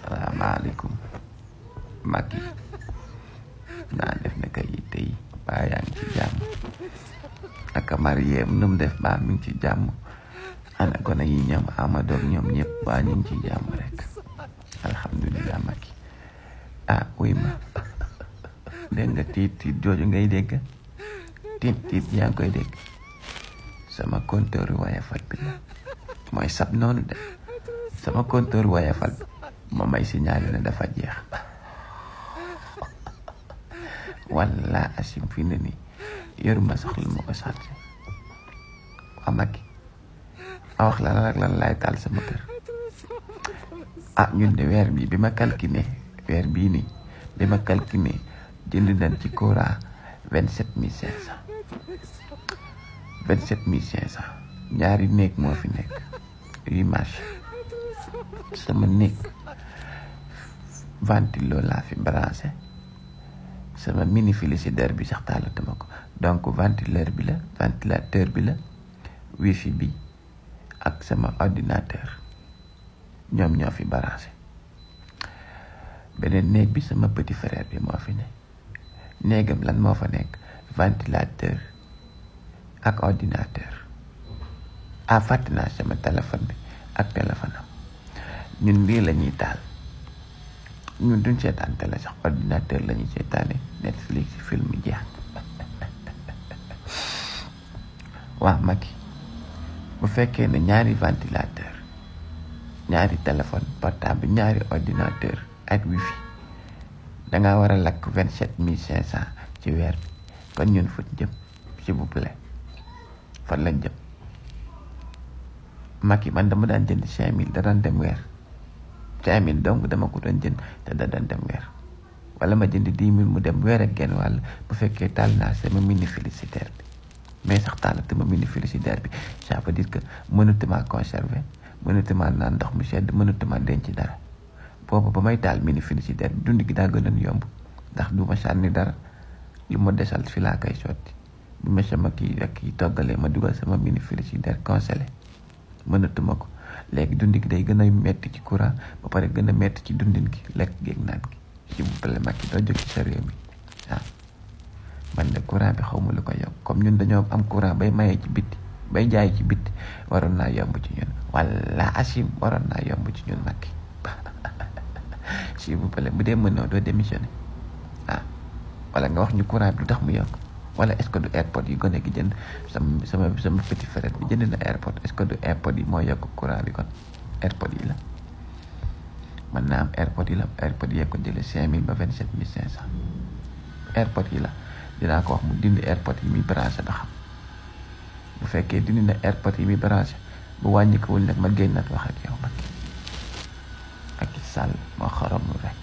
salaamaaleykum mag yi naa def naka yitte yi baa ci jàmm naka mariem nu mu def baa mi ngi ci jàmm ana gone yi ñoom amadoog ñoom ñëpp baa ñu ngi ci jàmm rek alhamdulilah mag ah wuy ma tiit tiit jooju ngay dégg tiit tiit ngi koy dégg sama compteur Woyofal bi la mooy sab noonu de sama compteur Woyofal bi ma may si ñaari ne dafa jeex walla asim fi ne ni yoruma sax lu ma ko chargé waa Macky a wax sama kër ah ñun de weer bi bi ma calculé weer bii nii bi ma calculé jënd nañ ci Cora vingt sept mille cinq ñaari fi sama ventilo laa fi branché sama mini frigidaire bi sax taalatuma ko donc ventilateur bi la ventilateur bi la wifi bi ak sama ordinateur ñoom ñoo fi branché beneen néeg bi sama petit frère bi moo fi ne néegam lan moo fa nekk ventilateur ak ordinateur ah fàtte naa sama téléphone bi ak téléphone am ñun lii la taal ñun duñ seetaan télé sax ordinateur la ñuy seetaane Netflix film jeex waa Macky bu fekkee ne ñaari ventilateur ñaari téléphone portable ñaari ordinateur ak wifi da nga war a lakk vingt sept mille cinq cent ci weer bi kon ñun fu jëm s'il vous plaît fan lañ jëm Macky man dama daan jënd cinq mille da daan dem weer. cinq mille donc dama ko doon jënd te da doon dem weer wala ma jënd dix mille mu dem weer ak genn wàll bu fekkee taal naa sama mini frigidaire bi mais sax ma mini frigidaire bi ça veut dire que mënatuma conservé mënatuma naan ndox mu sedd mënatuma denc dara boobu ba may taal mini frigidaire bi dund gi daa gënoon yomb ndax du ma sànni dara lu ma desal fi laa koy sotti bi ma sama kii ak kii toggalee ma dugal sama mini frigidaire congelé mënatuma ko. léegi dundi gi day gën a metti ci courant ba pare gën a metti ci dundi gi lekk geeg naan gi ci bu pale Macky doo jóg ci sa réew mi waaw man de courant bi xaw ma lu ko yokk comme ñun dañoo am courant bay maye ci bitti bay jaay ci bitti waroon naa yomb ci ñun wala asim waroon naa yomb ci ñun Macky ci bu pale bu dee mënoo doo démissionné ah wala nga wax ñu courant bi lu tax mu yokk wala est-ce que du yi gone gi jënd sama sama sama petit frère bi jënd na airpod est-ce que du airpod yi mooy yokk courant bi kon airpod yi la mën naa am airpod yi la airpod yee ko jëlee cinq vingt sept mille cinq cent yi la dinaa ko wax mu dindi airpod yi muy branché ba xam bu fekkee dindi na airpod yi muy branché bu wàññi ko wul nag ma génn nag wax ak yow ma ak Sall ma xaram rek.